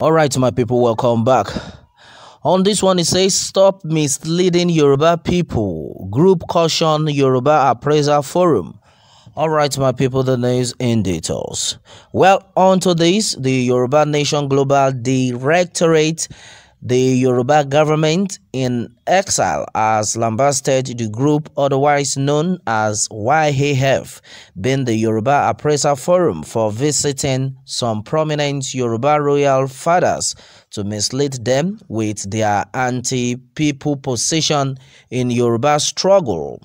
All right, my people, welcome back. On this one, it says, Stop misleading Yoruba people. Group caution Yoruba Appraiser Forum. All right, my people, the news in details. Well, on to this, the Yoruba Nation Global Directorate the Yoruba government in exile has lambasted the group otherwise known as YHf, being the Yoruba Appraiser Forum for visiting some prominent Yoruba royal fathers to mislead them with their anti-people position in Yoruba struggle.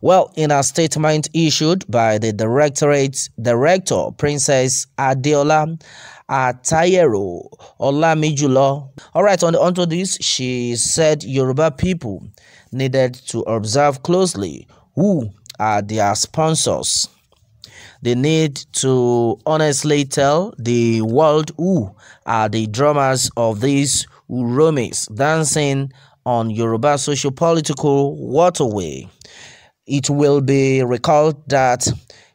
Well, in a statement issued by the directorate director, Princess Adeola Atayero Olamijulo. All right, on onto this, she said Yoruba people needed to observe closely who are their sponsors. They need to honestly tell the world who are the drummers of these Uromis dancing on Yoruba social political waterway. It will be recalled that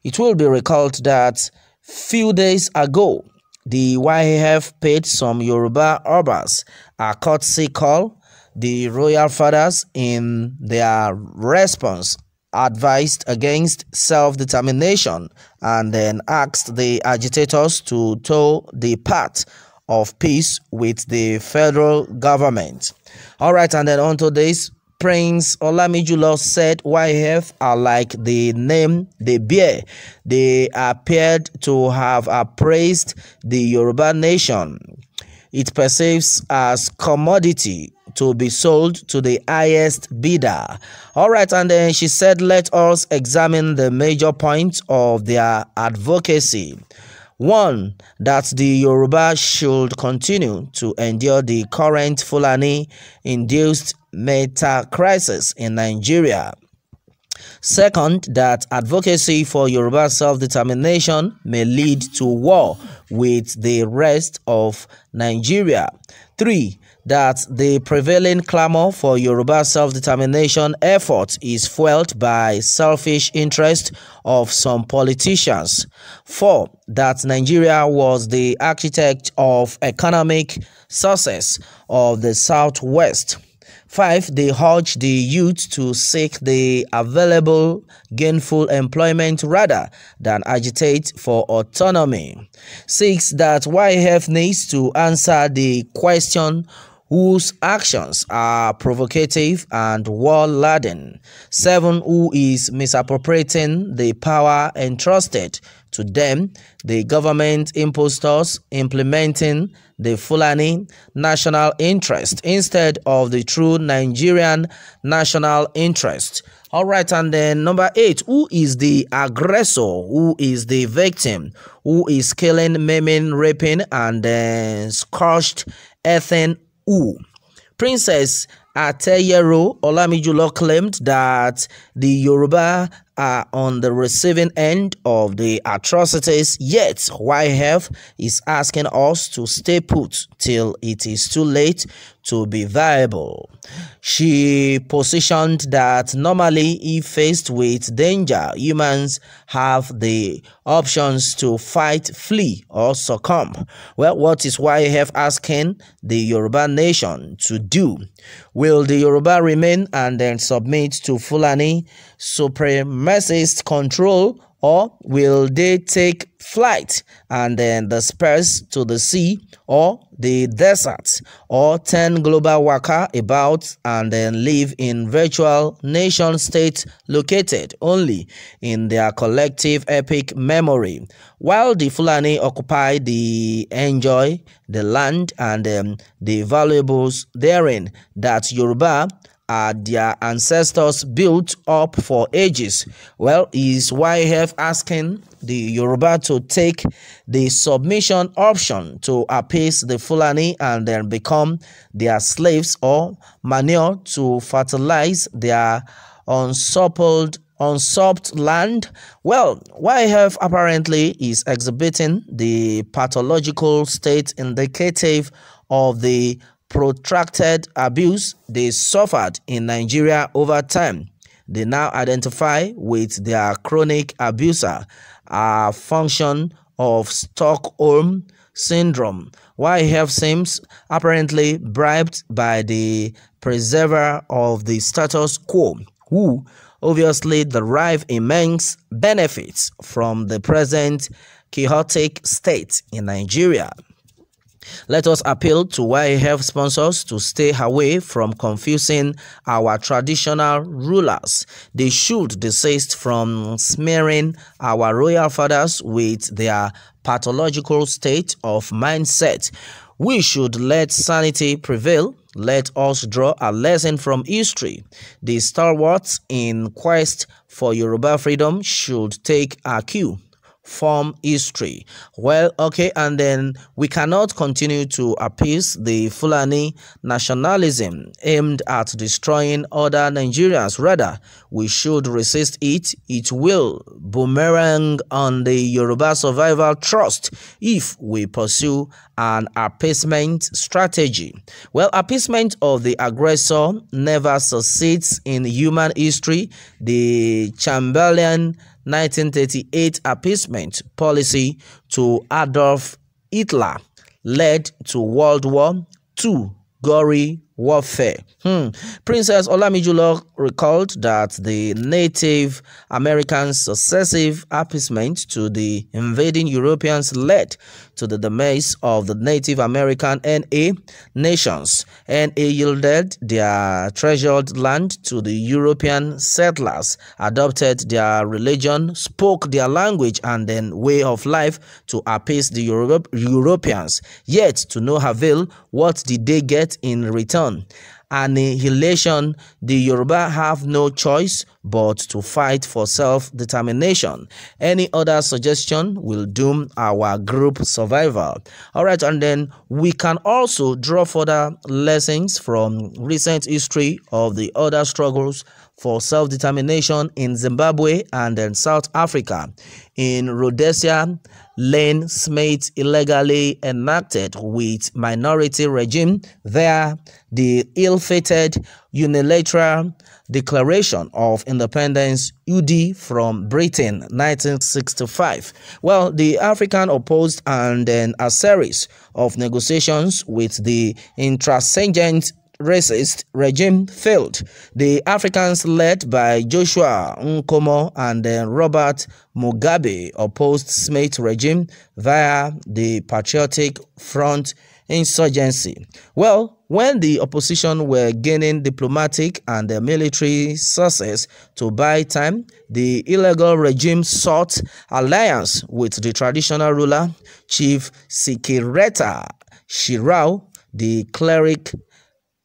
it will be recalled that few days ago the YAF paid some Yoruba urbans a courtesy call the royal fathers in their response advised against self-determination and then asked the agitators to toe the path of peace with the federal government. All right, and then on to this, Prince Olamijulo said YF are like the name they bear. They appeared to have appraised the Yoruba nation. It perceives as commodity to be sold to the highest bidder. All right, and then she said, let us examine the major points of their advocacy. One, that the Yoruba should continue to endure the current Fulani-induced meta crisis in Nigeria. Second, that advocacy for Yoruba self-determination may lead to war with the rest of Nigeria. 3. That the prevailing clamor for Yoruba self-determination effort is fueled by selfish interest of some politicians. 4. That Nigeria was the architect of economic success of the Southwest. Five, they urge the youth to seek the available gainful employment rather than agitate for autonomy. Six, that YF needs to answer the question whose actions are provocative and war-laden. Seven, who is misappropriating the power entrusted to them, the government impostors implementing the Fulani national interest instead of the true Nigerian national interest. All right, and then number eight, who is the aggressor? Who is the victim? Who is killing, maiming, raping, and uh, scorched, Ethan who? Princess Ateyero Olamijulo claimed that the Yoruba are on the receiving end of the atrocities, yet YF is asking us to stay put till it is too late to be viable. She positioned that normally, if faced with danger, humans have the options to fight, flee, or succumb. Well, what is YF asking the Yoruba nation to do? Will the Yoruba remain and then submit to Fulani supremacy? Mercy's control or will they take flight and then disperse to the sea or the desert or turn global worker about and then live in virtual nation states located only in their collective epic memory while the fulani occupy the enjoy the land and um, the valuables therein that yoruba uh, their ancestors built up for ages. Well, is YF asking the Yoruba to take the submission option to appease the Fulani and then become their slaves or manure to fertilize their unsuppled unsupped land? Well, YF apparently is exhibiting the pathological state indicative of the protracted abuse they suffered in Nigeria over time they now identify with their chronic abuser, a function of Stockholm syndrome. Why health seems apparently bribed by the preserver of the status quo, who obviously derive immense benefits from the present chaotic state in Nigeria. Let us appeal to YAF sponsors to stay away from confusing our traditional rulers. They should desist from smearing our royal fathers with their pathological state of mindset. We should let sanity prevail. Let us draw a lesson from history. The stalwarts in quest for Yoruba freedom should take a cue form history. Well, okay, and then we cannot continue to appease the Fulani nationalism aimed at destroying other Nigerians. Rather, we should resist it. It will boomerang on the Yoruba survival trust if we pursue an appeasement strategy. Well, appeasement of the aggressor never succeeds in human history. The Chamberlain 1938 appeasement policy to Adolf Hitler led to World War II gory warfare. Hmm. Princess Olamijulok recalled that the Native Americans' successive appeasement to the invading Europeans led to the demise of the Native American NA nations. NA yielded their treasured land to the European settlers, adopted their religion, spoke their language and then way of life to appease the Euro Europeans. Yet, to no avail, what did they get in return? Annihilation, the Yoruba have no choice but to fight for self-determination. Any other suggestion will doom our group survival. Alright, and then we can also draw further lessons from recent history of the other struggles for self-determination in Zimbabwe and in South Africa. In Rhodesia, Lane Smith illegally enacted with minority regime there the ill-fated unilateral declaration of independence UD from Britain 1965 well the African opposed and then a series of negotiations with the intransigent racist regime failed, the Africans led by Joshua Nkomo and uh, Robert Mugabe opposed Smite regime via the Patriotic Front insurgency. Well, when the opposition were gaining diplomatic and uh, military success to buy time, the illegal regime sought alliance with the traditional ruler, Chief Sikireta Shirao, the cleric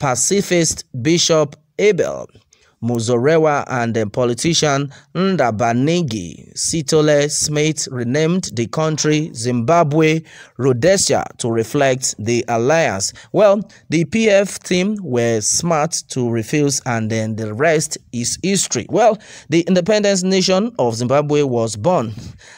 pacifist Bishop Abel Muzorewa and the politician Ndabanigi Sitole Smith renamed the country Zimbabwe Rhodesia to reflect the alliance. Well, the PF team were smart to refuse and then the rest is history. Well, the independence nation of Zimbabwe was born.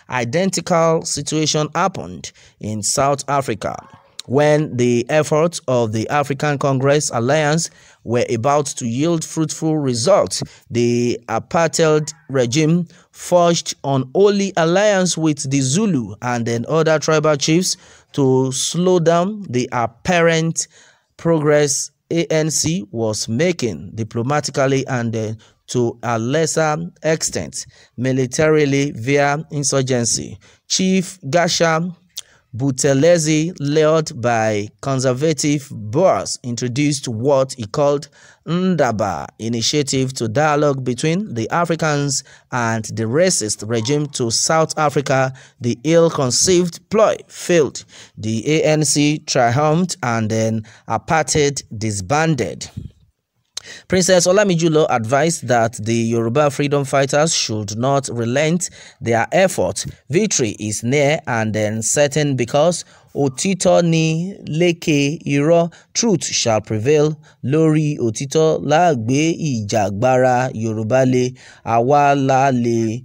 Identical situation happened in South Africa when the efforts of the African Congress Alliance were about to yield fruitful results, the apartheid regime forged an holy alliance with the Zulu and then other tribal chiefs to slow down the apparent progress ANC was making diplomatically and to a lesser extent militarily via insurgency. Chief Gasham. Buthelezi, led by conservative Boers, introduced what he called Ndaba initiative to dialogue between the Africans and the racist regime to South Africa. The ill-conceived ploy failed. The ANC triumphed and then apartheid disbanded. Princess Olamijulo advised that the Yoruba freedom fighters should not relent their effort. Victory is near and uncertain because Otito ni leke Iro truth shall prevail lórí òtítọ́ láàgbé ìjàgbara Yorùbá le àwa la lè.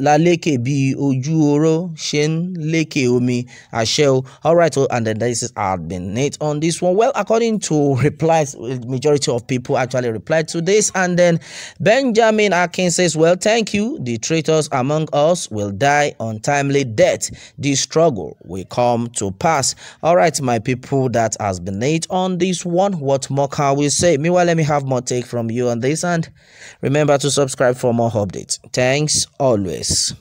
La bí ojú oró shen ń lékè omi àṣẹ All right, and then this is been it on this one. Well, according to replies, majority of people actually replied to this. And then Benjamin Atkins says, well, thank you. The traitors among us will die untimely death. This struggle will come to pass. All right, my people, that has been it on this one. What more can we say? Meanwhile, let me have more take from you on this. And remember to subscribe for more updates. Thanks always this.